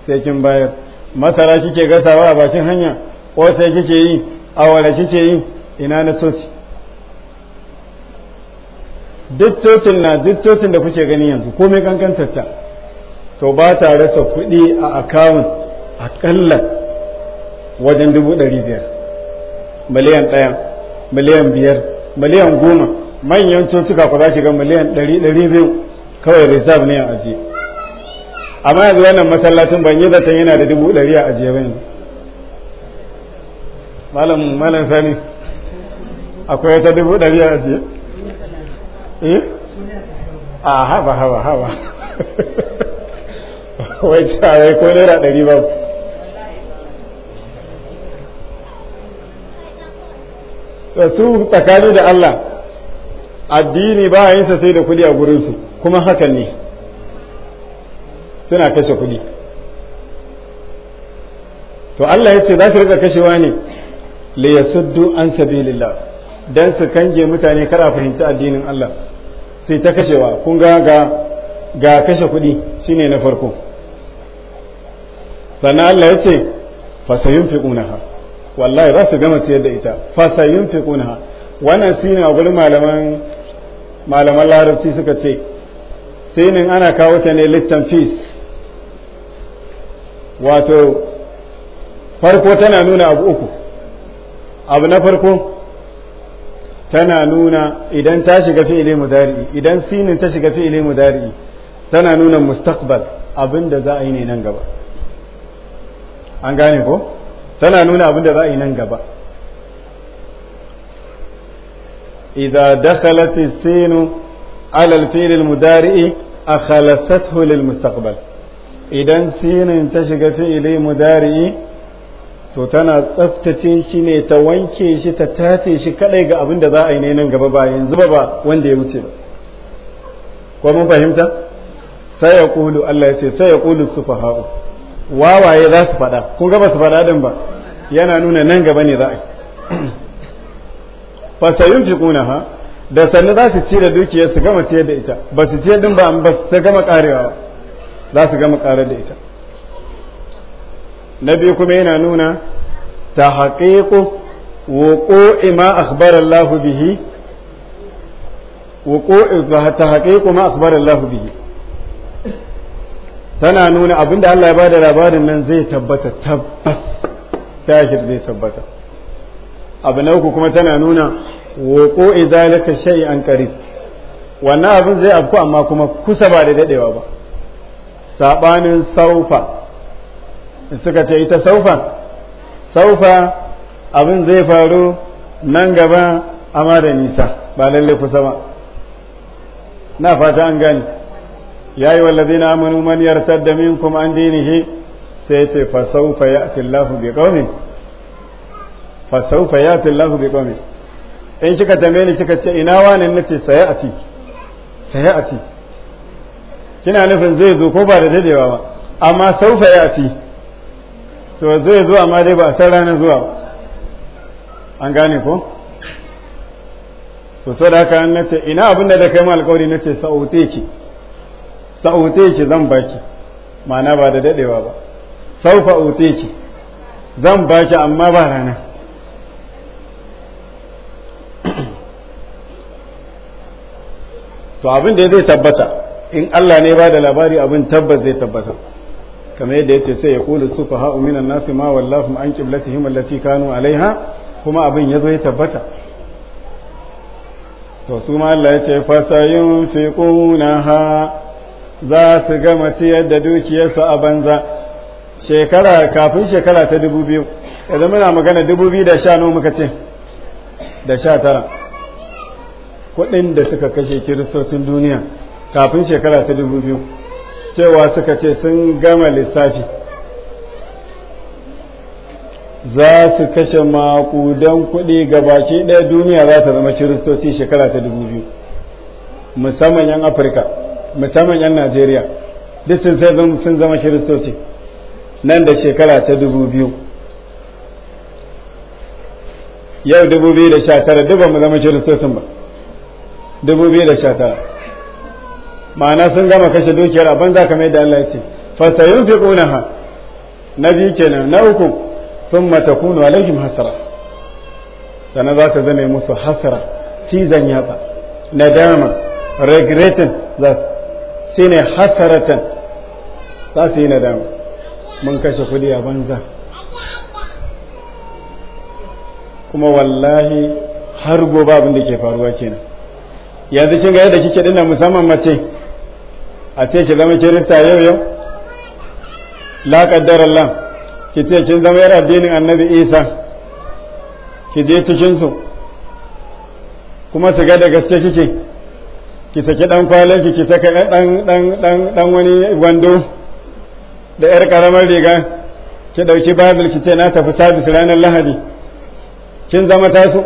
sai kin bayar masara kike gasawa a bakin hanya ko sai kike yi awara kike yi ina na coci duk cocin na duk cocin da kuke gani yanzu komai kankantar ta to ba ta rasa kuɗi a akawun akalla wajen dubu ɗari biyar miliyan ɗaya miliyan biyar miliyan goma manyan cocika ku za ki ga miliyan ɗari ɗari biyu kawai reserve ne a ajiye amma yanzu wannan masallacin ban yi zaton yana da dubu ɗari a ajiye ba yanzu malam malam sani akwai wata dubu ɗari a ajiye eh a ah, haba haba haba wai tsaye ko naira ɗari ba da su tsakani da Allah addini ba yin sa sai da kuɗi a gurinsu kuma hakan ne suna kashe kuɗi to Allah ya ce za su rika kashewa ne liyasuddu yasuddu an sabilillah dan su kange mutane kara a fahimci addinin Allah sai ta kashewa kun ga ga kashe kuɗi shine na farko sannan Allah ya ce fasayin fi ƙunaha wallahi za su gama ciyar da ita fasayin fi ƙunaha wannan shi ne a malaman malaman larabci suka ce sinin ana kawo ta ne littan fis wato farko tana nuna abu uku abu na farko tana nuna idan ta shiga fi'ili mudari'i idan sinin ta shiga fi'ili mudari'i tana nuna mustaqbal abin da za a yi ne nan gaba an gane ko tana nuna abin da za a yi nan gaba idza dakhalat as-sinu ala al-fi'l al-mudari'i akhlasathu lil mustaqbal idan sinin ta shiga fi'ili mudari'i to tana tsaftace shi ne ta wanke shi ta tace shi kadai ga abin da za a yi ne nan gaba ba yanzu ba wanda ya wuce ko mun fahimta sai ya kulu Allah ya ce sai ya kulu Wa wawaye za su faɗa kun ga ba su faɗa din ba yana nuna nan gaba ne za a yi fa ha da sannu za su ci da dukiyar su gama ciyar da ita ba su ciyar din ba ba su gama karewa za su gama karar da ita na biyu kuma yana nuna ta haƙiƙu wuƙo'i ma akhbar Allah bihi wuƙo'i ta haƙiƙu ma akhbar Allah bihi tana nuna abinda Allah ya bada labarin nan zai tabbata tabbas tahir zai tabbata abu na uku kuma tana nuna wuƙo'i zalika shay'an qarib wannan abin zai afku amma kuma kusa ba da daɗewa ba saɓanin saufa suka ce ita saufa saufa abin zai faru nan gaba amma da nisa ba lalle kusa ba na fata an gani ya yi wallazi na amanu man yartar da minkum an dinihi sai ce fa saufa ya tillahu bi qaumin fa saufa ya tillahu bi qaumin in kika tambaye ni kika ce ina wani nace sayati sayati kina nufin zai zo ko ba da dadewa ba amma saufa ya ci to zai zuwa ma dai ba a san ranar zuwa an gane ko to so da haka na ce ina abin da kai ma alkawari na ce sa'ute ki sa'ute ki zan baki ma'ana ba da dadewa ba saufa ute ki zan baki amma ba rana to abin da zai tabbata in Allah ne ba da labari abin tabbas zai tabbata kamar yadda yace sai ya kulu sufaha'u minan nasi ma wallahu an qiblatihim allati kanu alaiha kuma abin yazo ya tabbata to su ma Allah yace fa sayunfiqunaha za su gama ciyar da dukiyarsu a banza shekara kafin shekara ta dubu biyu yanzu muna magana dubu biyu da sha muka ce da sha tara kuɗin da suka kashe kiristocin duniya kafin shekara ta dubu biyu cewa suka ce sun gama lissafi za su kashe makudan kuɗi gabaki ɗaya duniya za ta zama kiristoci shekara ta dubu biyu musamman 'yan afirka musamman 'yan najeriya duk sun sun zama kiristoci nan da shekara ta dubu biyu yau dubu biyu da sha tara duk mu zama kiristocin ba dubu biyu da sha tara ma'ana sun gama kashe dukiyar a banza kamar da Allah fasayin fi ƙuna ha na biyu kenan na uku sun mata takunu alaihim hasara sannan za ta zame musu hasara cizon na nadama regretin za su ne hasaratan za su yi nadama mun kashe kudi a banza kuma wallahi har gobe abin da ke faruwa kenan yanzu kin ga yadda kike dinnan musamman mace a ce ki zama kirista yau yau la qaddara Allah ki ce kin zama yar addinin Annabi Isa ki je cikin kuma su ga da gaske kike ki saki dan kwalen ki ki saka dan dan dan wani gwando da yar karamar riga ki dauki bible ki ce na tafi sabis ranar lahadi kin zama tasu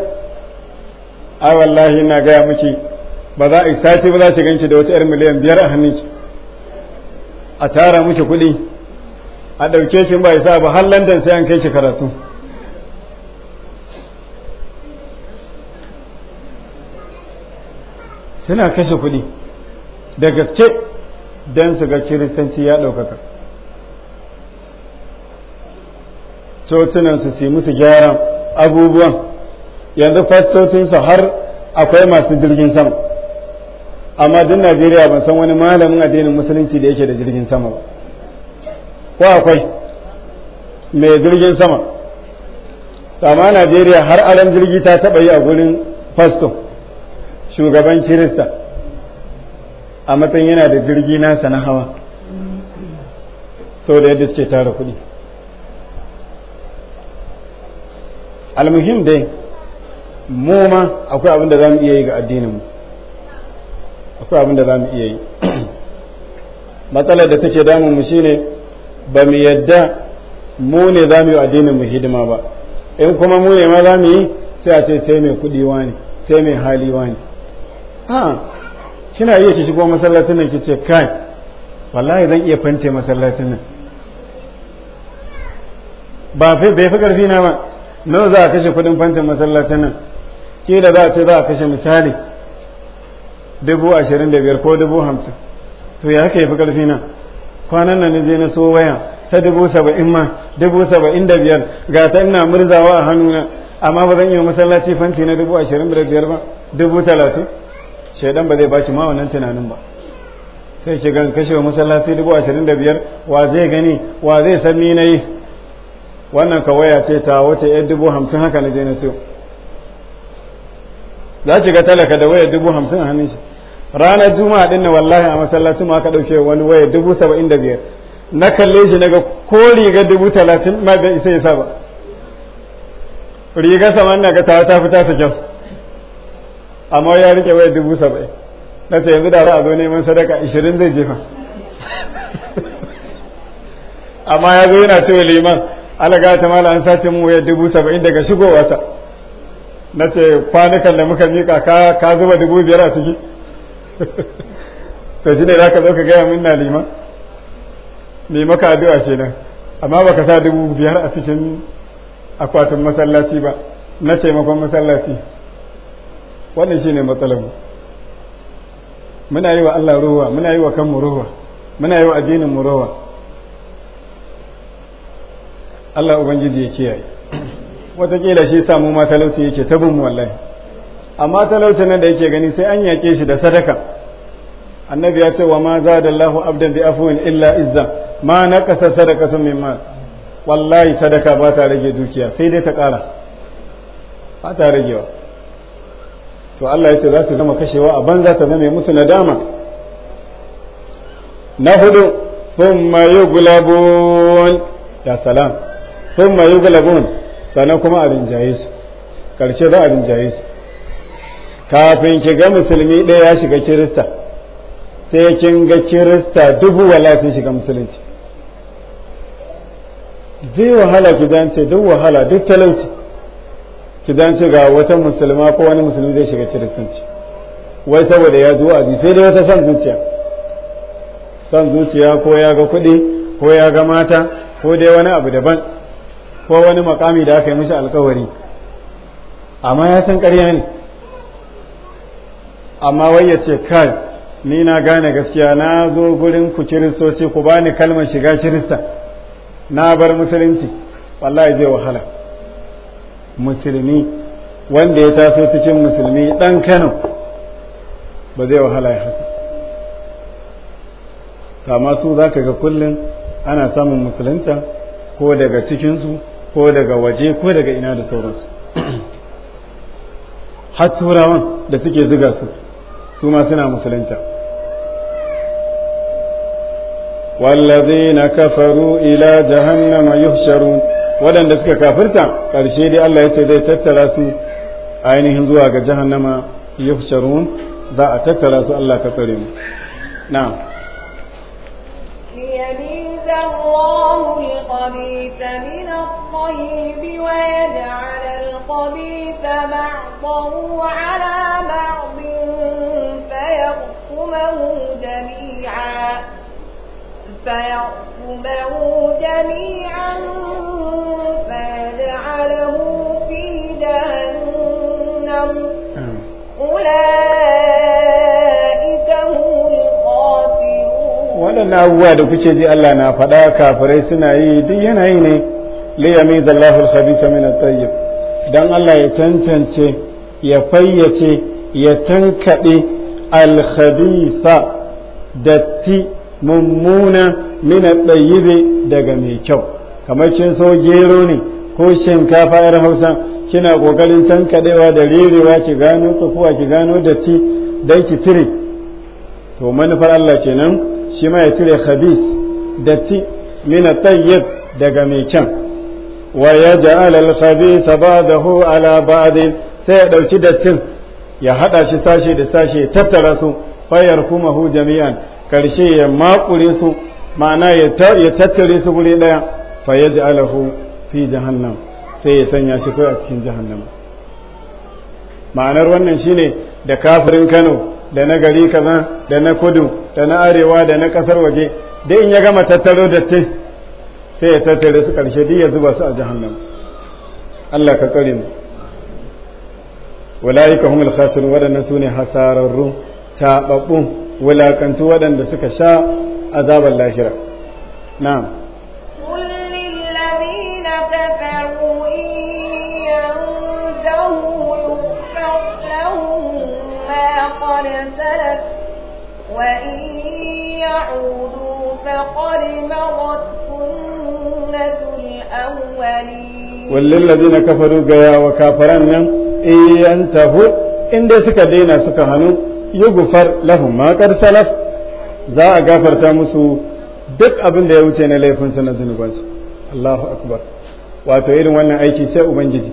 ai wallahi ina gaya miki ba za a yi sati ba za shi ganci da wata 'yar miliyan biyar a hannunki a tara miki kuɗi a ɗauke shi ba isa ba har London sai an kai shi karatu suna kashe kuɗi da gaske don su ga kiristanci ya ɗaukaka Sotunan su si musu gyara abubuwan yanzu fastocinsu har akwai masu jirgin sama amma duk Najeriya ban san wani malamin addinin musulunci da yake da jirgin sama ba ko akwai mai jirgin sama amma Najeriya har aran jirgi ta taɓa yi a gurin fasto shugaban kirista a matsayin yana da jirgi nasa na hawa da yadda suke tara kuɗi almuhim dai mu ma akwai abin da za mu iya yi ga addininmu akwai abin da za mu iya yi matsalar da take damun mu shine ba mu yadda mu ne za mu yi addinin mu hidima ba in kuma mu ne ma za mu yi sai a ce sai mai kuɗi wani sai mai hali wani ha kina iya ki shigo masallacin nan ki ce kai wallahi zan iya fante masallacin nan ba fi bai fi karfi na ba nawa za a kashe kuɗin fantin masallacin nan da za a ce za a kashe misali dubu ashirin da biyar ko dubu hamsin to ya haka fi karfi na kwanan nan je na so waya ta dubu saba'in ma dubu saba'in da biyar ga ta ina murzawa a hannuna amma ba zan yi masallaci fanti na dubu ashirin da biyar ba dubu talatin shaidan ba zai shi ma wannan tunanin ba sai ki gan kashe masallaci dubu ashirin da biyar wa zai gani wa zai san ni na yi wannan ka waya ce ta wace yan dubu hamsin haka na je na so za ki ga talaka da waya dubu hamsin a hannun shi ranar juma'a din nan wallahi a masallacin ma aka dauke wani waya dubu saba'in da biyar na kalle shi daga ko riga dubu talatin ma bai isa ya saba riga sama na ga tawa ta fita ta kyau amma ya rike waya dubu saba'in na ce yanzu da za a zo neman sadaka ishirin zai jefa amma ya zo yana cewa liman alaga ta mala an sace mu waya dubu saba'in daga shigowarsa na ce kwanukan da muka mika ka zuba dubu biyar a ciki to shi ne za ka zo ka gaya min na liman mai maka addu'a ce nan amma baka sa dubu biyar a cikin akwatin masallaci ba na taimakon masallaci wannan shine matsalar mu muna yi wa Allah ruwa muna yi wa kanmu ruwa muna yi wa addinin mu ruwa Allah ubangiji ya kiyaye wataƙila shi sa mu yake tabin mu wallahi amma talaucin nan da yake gani sai an yake shi da sadaka annabi ya ce wa ma za da allahu abdan bi afuwin illa izza ma naqasa sadaqatun min mal wallahi sadaka ba ta rage dukiya sai dai ta ƙara ba ta ragewa to Allah ya ce za su zama kashewa a banza ta zama musu nadama na hudu thumma yughlabun ya salam thumma yughlabun sannan kuma a rinjaye su karshe za a rinjaye su kafin ki ga musulmi ɗaya ya shiga kirista sai kin ga kirista dubu wala sun shiga musulunci zai wahala ki dance duk wahala duk talauci ki dance ga wata musulma ko wani musulmi zai shiga kiristanci wai saboda ya zo a sai dai wata son zuciya san zuciya ko ya ga kuɗi ko ya ga mata ko dai wani abu daban ko wani makami da aka yi mishi alkawari amma ya san ƙarya ne amma wai ya ce kai ni na gane gaskiya na zo gurin ku kiristoci ku bani kalmar shiga kirista na bar musulunci wallahi zai wahala musulmi wanda ya taso cikin musulmi dan kano ba zai wahala ya haka kama su za ka ga kullum ana samun musulunta ko daga cikinsu ko daga waje ko daga ina da sauransu har turawan da suke ziga su su ma suna musulunta na kafaru ila jahannama yuhsharun waɗanda suka kafirta ƙarshe dai Allah ya ce zai tattara su ainihin zuwa ga jahannama yuhsharun za a tattara su Allah ka tsare mu na'am الله الخبيث من الطيب ويجعل الخبيث بعضه على بعض فيرقمه جميعا فيرقمه جميعا فيجعله في جهنم أولئك هم الخاسرون ولن أبواد كتشي الله نافدا كافري سنعي دي ينعيني ليميز الله الخبيث من الطيب dan Allah ya tantance ya fayyace ya tankaɗe alkhabitha datti mummuna mina ɗayyibe daga mai kyau kamar kin so gero ne ko shinkafa yar hausa kina kokarin tankadewa da rerewa ki gano tsakuwa ki gano datti dai ki tire to manufar Allah kenan shi ma ya tire khabis datti mina tayyib daga mai kyan wa yaj'al al-khabisa ba'dahu ala ba'd sai ya dauki dattin ya haɗa shi sashe da sashe ya tattara su fayar kuma hu jami'an karshe ya makure su ma'ana ya tattare su guri ɗaya fayar ji alahu fi jahannam sai ya sanya shi kai a cikin jahannam ma'anar wannan shine da kafirin kano da na gari kaza da na kudu da na arewa da na ƙasar waje Duk in ya gama tattaro te sai ya tattare su karshe duk ya zuba su a jahannam Allah ka tsare mu ulaika humul khasirun wadannan sune hasararru tababbu wulakantu wadanda suka sha azabar lahira na'am قد سلف وإن يعودوا فقد مضت سنة الأولين وللذين كفروا قيا وكافرنا in yantahu inda suka daina suka hannu yugfar lahum ma qad salaf za a gafarta musu duk abin da ya wuce na laifin na zunubansu Allahu akbar wato irin wannan aiki sai ubangiji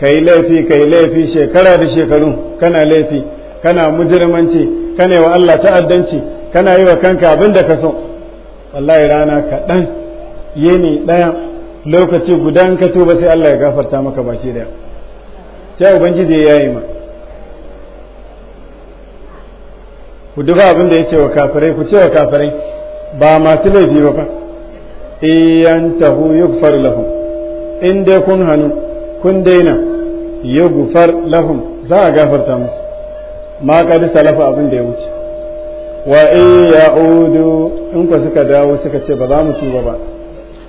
kai laifi kai laifi shekara da shekaru kana laifi kana mujirmanci kana wa Allah ta'addanci kana yi wa kanka abin da ka so wallahi rana kaɗan yini ɗaya lokaci gudan in ka tuba sai Allah ya gafarta maka baki daya sai ubangiji ya yi ma ku duba abin da ya ce wa kafirai ku ce wa kafirai ba masu laifi ba fa iyantahu yughfar lahum in dai kun hannu kun daina gufar lahun za a gafarta musu ma qad salafa abin da ya wuce wa iya Udu in ku suka dawo suka ce ba za mu tuba ba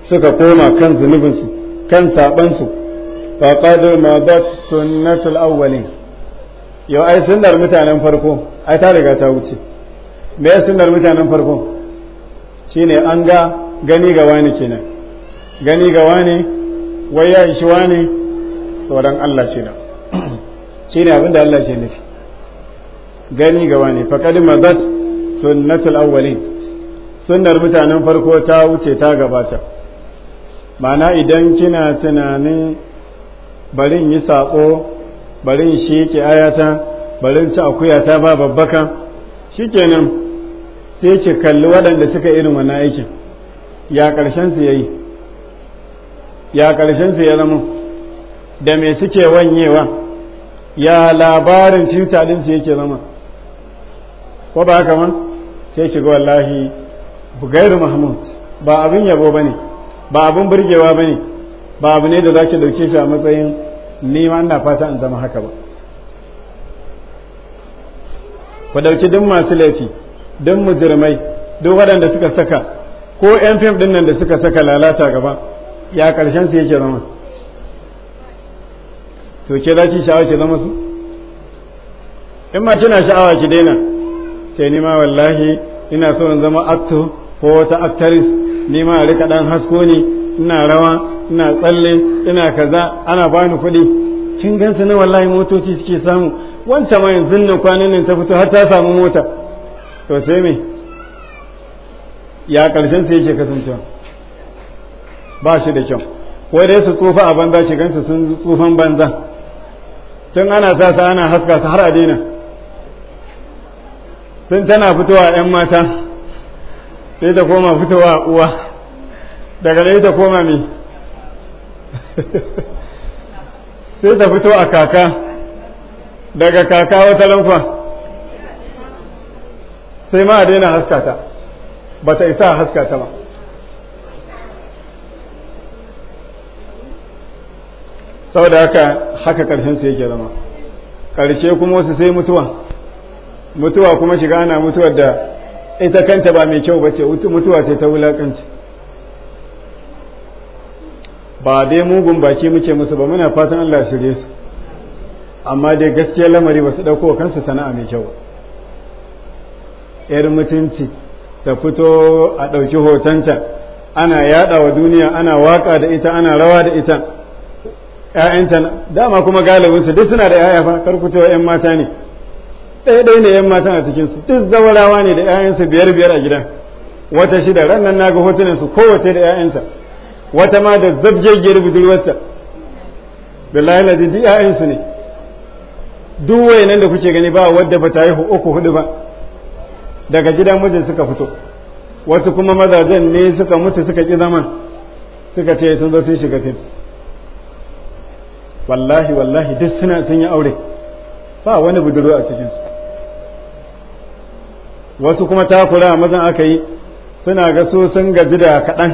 suka koma kan zunubinsu kan sabansu faqad madat sunnatul awwalin yau ai sunnar mutanen farko ai ta riga ta wuce me ya sunnar mutanen farko shine an ga gani ga wani kenan gani ga wani wai ya ishi wani tsoron Allah ce da shine abinda Allah ke nufi gani ga wani faqad madat sunnatul awwalin sunnar mutanen farko ta wuce ta gabata mana idan kina tunanin barin yi saƙo barin shi ke ayata barin ci akuya ta ba babbaka nan sai kalli waɗanda suka irin wannan aikin ya ƙarshen su yayi ya ƙarshen su ya zama da me suke wanyewa ya labarin cuta su yake zama ko ba haka ma sai ki ga wallahi bugairu mahmud ba abin yabo ba ne ba abin burgewa ne ba abu ne da zaki ɗauke shi a matsayin ni ma ina fata in zama haka ba ku dauki duk masu laifi duk mujirmai duk waɗanda suka saka ko yan fim ɗin nan da suka saka lalata gaba ya ƙarshen su yake zama to ke za sha'awa ki zama su in ma kina sha'awa ki daina sai ni ma wallahi ina so in zama actor ko wata actress ni ma rika dan hasko ne ina rawa ina tsalle ina kaza ana bani kuɗi kin gansu na wallahi motoci suke samu wancan ma yanzu nan kwanan nan ta fito har ta samu mota to sai me ya karshen sai yake kasancewa ba shi da kyau ko dai su tsufa a banza shi gansu sun tsufan banza tun ana sa sa ana haska su har a daina tun tana fitowa 'yan mata sai ta koma fitowa uwa daga dai ta koma mai sai ta fito a kaka daga kaka wata lamfa sai ma a daina haskata ba ta isa haskata ba Sau da haka haka karshen su yake zama karshe kuma wasu sai mutuwa mutuwa kuma shiga ana mutuwar da ita kanta ba mai kyau ba ce mutuwa ce ta wulakanci ba dai mugun baki muke musu ba muna fatan Allah shirye su amma dai gaskiya lamari ba su ɗauko kansu sana'a mai kyau yar mutunci ta fito a ɗauki hotonta ana yaɗa wa duniya ana waka da ita ana rawa da ita ‘ya'yanta dama kuma galibinsu duk suna da ‘ya'ya fa karkucewa ‘yan mata ne ɗaya ɗaya ne ‘yan mata a su duk zawarawa ne da ‘ya'yansu biyar biyar a gidan wata shida ran nan na ga hotunansu kowace da ‘ya'yanta wata ma da zabjegiyar budurwarta billahi lazim duk 'ya'yansu ne duk nan da kuke gani ba wadda ba ta yi uku hudu ba daga gidan mijin suka fito wasu kuma mazajen ne suka mutu suka ƙi zaman suka ce sun zo sun shiga fim wallahi wallahi duk suna sun yi aure ba wani budurwa a cikinsu wasu kuma takura mazan aka yi suna gasu sun gaji da kaɗan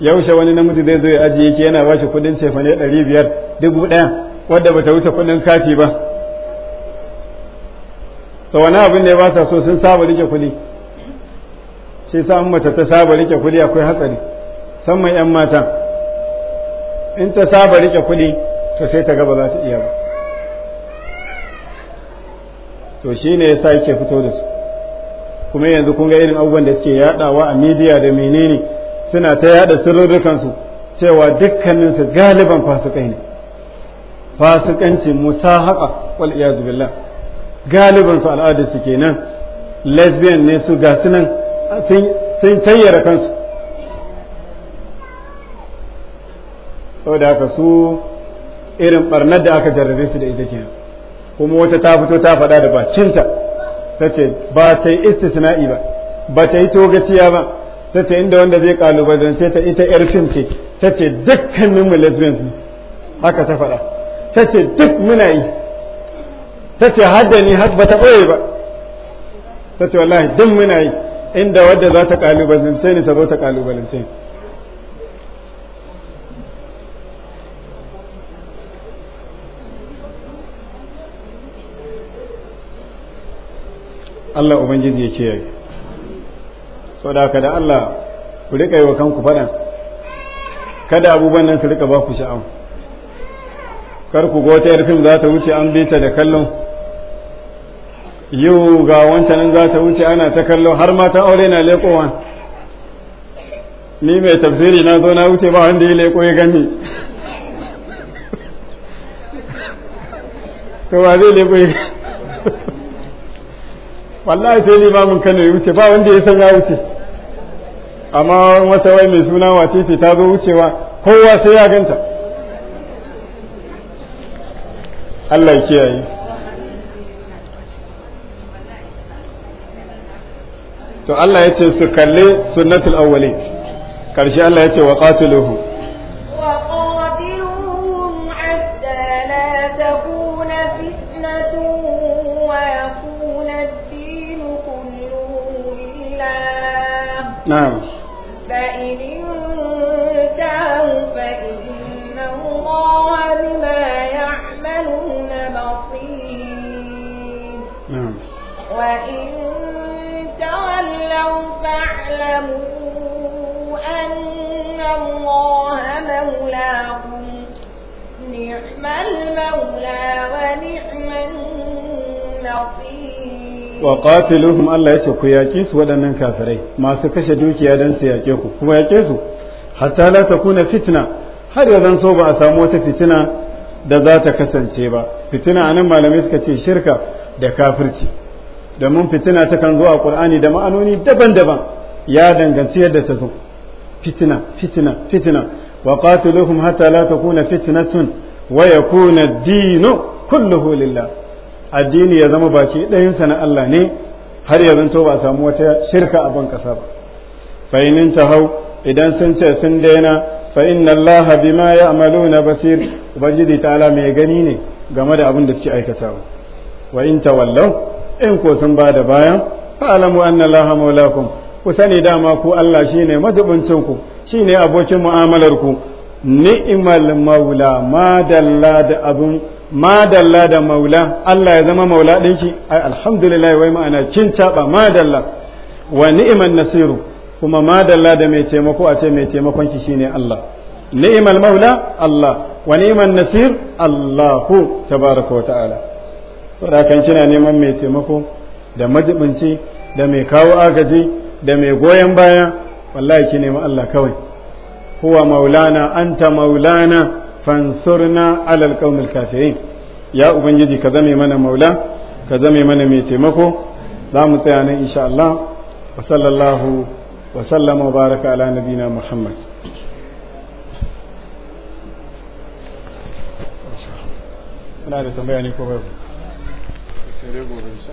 yaushe wani namiji zai zo ya ajiye ki yana bashi kudin cefane ɗari biyar dubu ɗaya wadda bata wuce kudin kati ba to wani abin da ya ba sa so sun saba rike kudi shi sa mace ta saba rike kudi akwai hatsari musamman yan mata in ta saba rike kudi to sai ta gaba za ta iya ba to shi ne ya sa yake fito da su kuma yanzu kun ga irin abubuwan da suke yadawa a midiya da menene suna ta yada sirrukansu cewa su galiban fasikai ne fasikanci musahaka wal iyazu billah galiban su al'adar su kenan lesbian ne su ga sunan sun tayyara kansu saboda haka su irin barnar da aka jarrabe su da ita kenan kuma wata ta fito ta faɗa da bacinta ta ce ba ta yi istisna'i ba ba ta yi togaciya ba ta ce inda wanda zai kalubalance ta ita yar ce ta ce dukkanin mu lesbians haka ta faɗa ta ce duk muna yi ta ce hadda ni ba ta ɓoye ba ta ce wallahi duk muna yi inda wadda za ta kalubalance ni ta zo ta kalubalance ni Allah Ubangiji ya ce yake saboda haka da Allah ku rika yi wa kanku faɗan kada abubuwan nan su rika ba ku sha'awa kar ku ga wata yar fim za ta wuce an bi ta da kallon yau ga wancan nan za ta wuce ana ta kallon har mata aure na lekowa ni mai tafsiri na zo na wuce ba wanda ya leƙo ya gani to ba zai leko ya wallahi sai mun kano ya wuce ba wanda ya san ya wuce amma wata wai mai suna wace ce ta zo wucewa kowa sai ya ganta Allah ya kiyaye to Allah ya ce su kalli sunnatul awwali karshe Allah ya ce wa qatiluhu نعم wa qatiluhum Allah yace ku yaƙe su waɗannan kafirai masu kashe dukiya dan su yake ku kuma yaƙe su hatta la takuna fitna har ya zan so ba a samu wata fitina da za ta kasance ba fitina anan malamai suka ce shirka da kafirci domin fitina takan zo a Kur'ani da ma'anoni daban-daban ya danganci yadda ta zo fitina fitina fitina wa qatiluhum hatta la takuna fitnatun wa yakuna ad-dinu kulluhu lillah addini ya zama baki ɗayansa na Allah ne har ya zanto ba a samu wata shirka a ban ba fa in hau idan sun ce sun daina fa inna Allah bima ya'maluna basir ubangiji ta'ala mai gani ne game da abin da suke aikatawa wa in tawallaw in ko sun ba da baya fa'alamu anna allaha maulakum ku sani dama ku Allah shine majibincin ku shine abokin mu'amalar ku ni'mal maula madalla da abun madalla da maula Allah ya zama maula shi ai alhamdulillah wai ma'ana kin ma madalla wa ni'iman nasiru kuma dala da mai taimako a ce mai taimakon shi shine Allah ni'imal maula Allah wa ni'iman nasir Allahu tabaraka wa ta'ala saboda kan kina neman mai taimako da majibinci da mai kawo agaji da mai goyon baya wallahi ki nemi Allah kawai huwa maulana anta maulana fansurna alal qaumil kafirin ya ubangiji ka zame mana maula ka zame mana mai taimako za mu tsaya nan insha Allah wa sallallahu wa sallama wa baraka ala nabina Muhammad muna da tambaya ne ko babu ಿಷ